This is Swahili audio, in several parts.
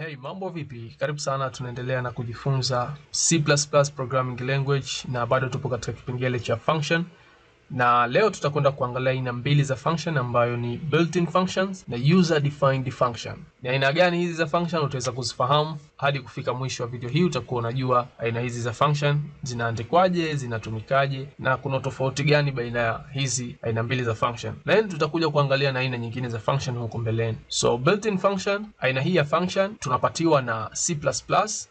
Hey, mambo vipi? Karibu sana, tunaendelea na kujifunza C++ programming language na bado tupo katika kipengele cha function na leo tutakwenda kuangalia aina mbili za function ambayo ni built-in functions na user defined function. Ni aina gani hizi za function? Utaweza kuzifahamu hadi kufika mwisho wa video hii, utakuwa unajua aina hizi za function zinaandikwaje, zinatumikaje na kuna tofauti gani baina ya hizi aina mbili za function. Then tutakuja kuangalia na aina nyingine za function huko mbeleni. So built-in function, aina hii ya function tunapatiwa na C++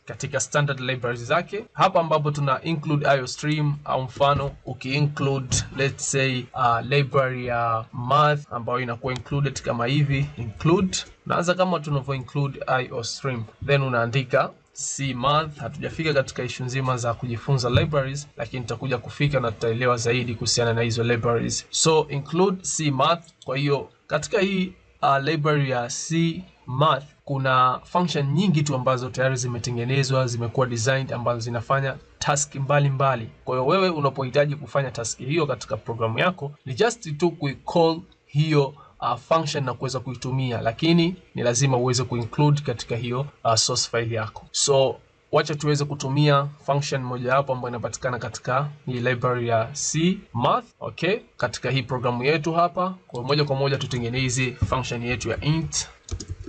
katika standard libraries zake, hapa ambapo tuna include IOStream au mfano uki include let's say uh, library ya uh, math ambayo inakuwa included kama hivi include, naanza kama tunavyo include stream, then unaandika C math. Hatujafika katika ishu nzima za kujifunza libraries, lakini tutakuja kufika na tutaelewa zaidi kuhusiana na hizo libraries. So include C math. Kwa hiyo katika hii uh, library ya C math kuna function nyingi tu ambazo tayari zimetengenezwa, zimekuwa designed ambazo zinafanya task mbalimbali. Kwa hiyo wewe unapohitaji kufanya task hiyo katika programu yako ni just tu kuicall hiyo uh, function na kuweza kuitumia, lakini ni lazima uweze kuinclude katika hiyo uh, source file yako so wacha tuweze kutumia function mojawapo ambayo inapatikana katika hii library ya C math, okay, katika hii programu yetu hapa. Kwa moja kwa moja tutengeneze function yetu ya int.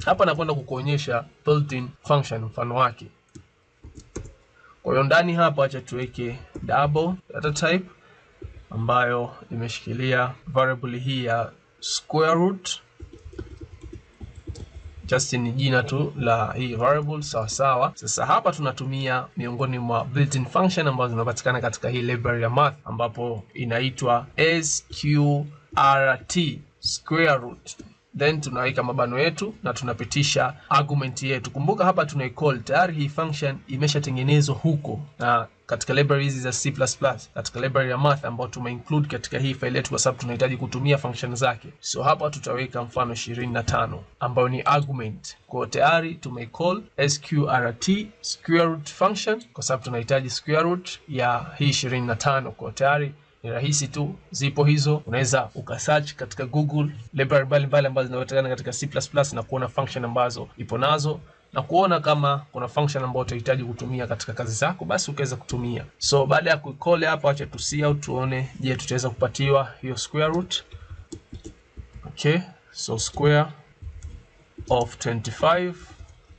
Hapa nakwenda kukuonyesha built-in function mfano wake. Kwa hiyo ndani hapa acha tuweke double data type ambayo imeshikilia variable hii ya square root just ni jina tu la hii variable sawa sawa. Sasa hapa tunatumia miongoni mwa built-in function ambazo zinapatikana katika hii library ya math ambapo inaitwa sqrt square root then tunaweka mabano yetu na tunapitisha argument yetu. Kumbuka hapa tuna call tayari, hii function imeshatengenezwa huko na katika library hizi za C++, katika library ya math ambayo include katika hii file yetu, kwa sababu tunahitaji kutumia function zake. So hapa tutaweka mfano 25 ambayo ni argument. Kwa tayari tayari call sqrt square root function, kwa sababu tunahitaji square root ya hii 25. Kwa tayari ni rahisi tu, zipo hizo. Unaweza ukasearch katika Google library mbalimbali ambazo zinapatikana katika C++ na kuona function ambazo ipo nazo na kuona kama kuna function ambayo utahitaji kutumia katika kazi zako, basi ukaweza kutumia. So baada ya kuikole hapa, acha tu see au tuone, je, tutaweza kupatiwa hiyo square root. Okay, so square of 25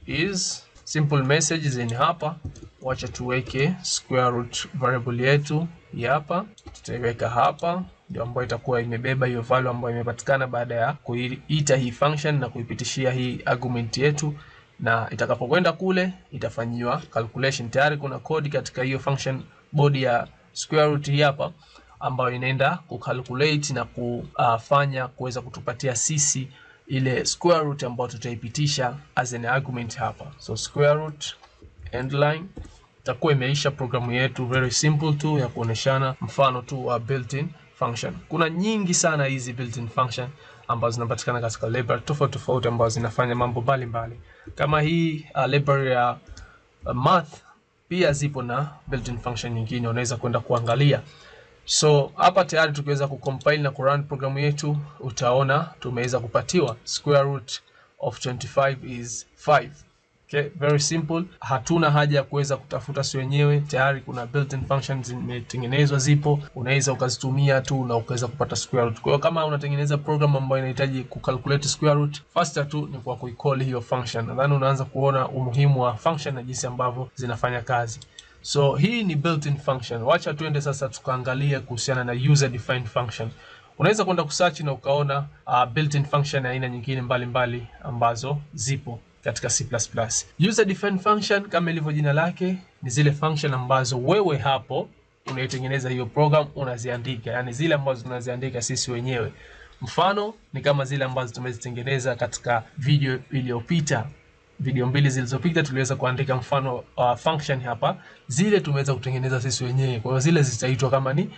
is Simple message zeni hapa, wacha tuweke square root variable yetu hii hapa, tutaiweka hapa ndio ambayo itakuwa imebeba hiyo value ambayo imepatikana baada ya kuiita hii function na kuipitishia hii argument yetu, na itakapokwenda kule itafanyiwa calculation. Tayari kuna code katika hiyo function body ya square root hii hapa ambayo inaenda kucalculate na kufanya kuweza kutupatia sisi ile square root ambayo tutaipitisha as an argument hapa. So square root end line itakuwa imeisha programu yetu, very simple tu ya kuoneshana mfano tu wa built-in function. Kuna nyingi sana hizi built-in function ambazo zinapatikana katika library tofauti tofauti ambazo zinafanya mambo mbalimbali kama hii uh, library ya uh, math pia zipo na built-in function nyingine, unaweza kwenda kuangalia So hapa tayari tukiweza kucompile na kurun programu yetu, utaona tumeweza kupatiwa square root of 25 is 5. Okay, very simple. Hatuna haja ya kuweza kutafuta si wenyewe, tayari kuna built-in functions zimetengenezwa zipo, unaweza ukazitumia tu na ukaweza kupata square root. Kwa hiyo kama unatengeneza program ambayo inahitaji kucalculate square root, faster tu ni kwa kuicall hiyo function. Nadhani unaanza kuona umuhimu wa function na jinsi ambavyo zinafanya kazi. So hii ni built-in function. Wacha tuende sasa tukaangalie kuhusiana na user defined function. Unaweza kwenda kusearch na ukaona uh, built-in function ya aina nyingine mbalimbali mbali ambazo zipo katika C++. User defined function kama ilivyo jina lake ni zile function ambazo wewe hapo unaitengeneza hiyo program unaziandika, yani zile ambazo tunaziandika sisi wenyewe. Mfano ni kama zile ambazo tumezitengeneza katika video iliyopita video mbili zilizopita tuliweza kuandika mfano wa uh, function hapa, zile tumeweza kutengeneza sisi wenyewe. Kwa hiyo zile zitaitwa kama ni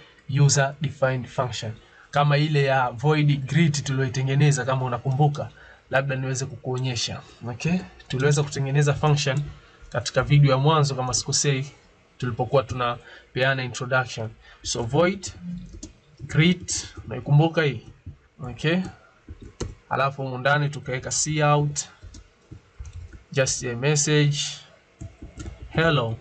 user defined function, kama ile ya void greet tuliyoitengeneza, kama unakumbuka, labda niweze kukuonyesha. Okay, tuliweza kutengeneza function katika video ya mwanzo kama sikosei, tulipokuwa tunapeana introduction. So void greet, unaikumbuka hii? Okay, alafu ndani tukaweka cout just a message hello,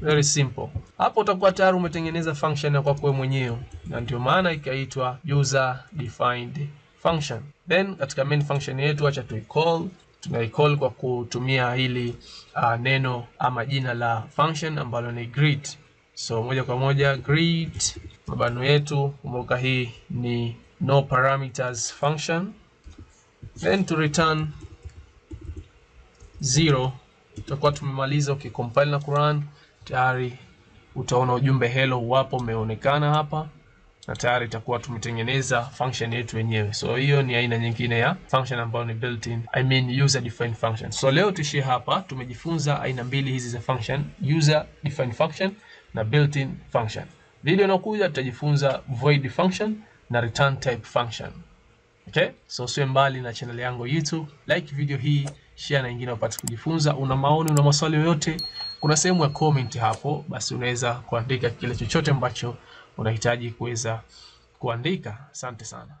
very simple. Hapo utakuwa tayari umetengeneza function ya kwako wewe mwenyewe, na ndio maana ikaitwa user defined function. Then katika main function yetu, acha tu tuicall tunaicall kwa kutumia hili uh, neno ama jina la function ambalo ni greet. So moja kwa moja greet mabano yetu, kumbuka hii ni no parameters function, then to return zero, tutakuwa tumemaliza. Ukikompile na Quran tayari utaona ujumbe hello wapo umeonekana hapa na tayari itakuwa tumetengeneza function yetu wenyewe. So hiyo ni aina nyingine ya function ambayo ni built in, I mean user defined function. So leo tuishie hapa, tumejifunza aina mbili hizi za function, user defined function na built in function. Video inayokuja tutajifunza void function na return type function. Okay? So usiwe mbali na channel yangu YouTube, like video hii share na wengine wapate kujifunza. Una maoni, una maswali yoyote, kuna sehemu ya comment hapo, basi unaweza kuandika kile chochote ambacho unahitaji kuweza kuandika. Asante sana.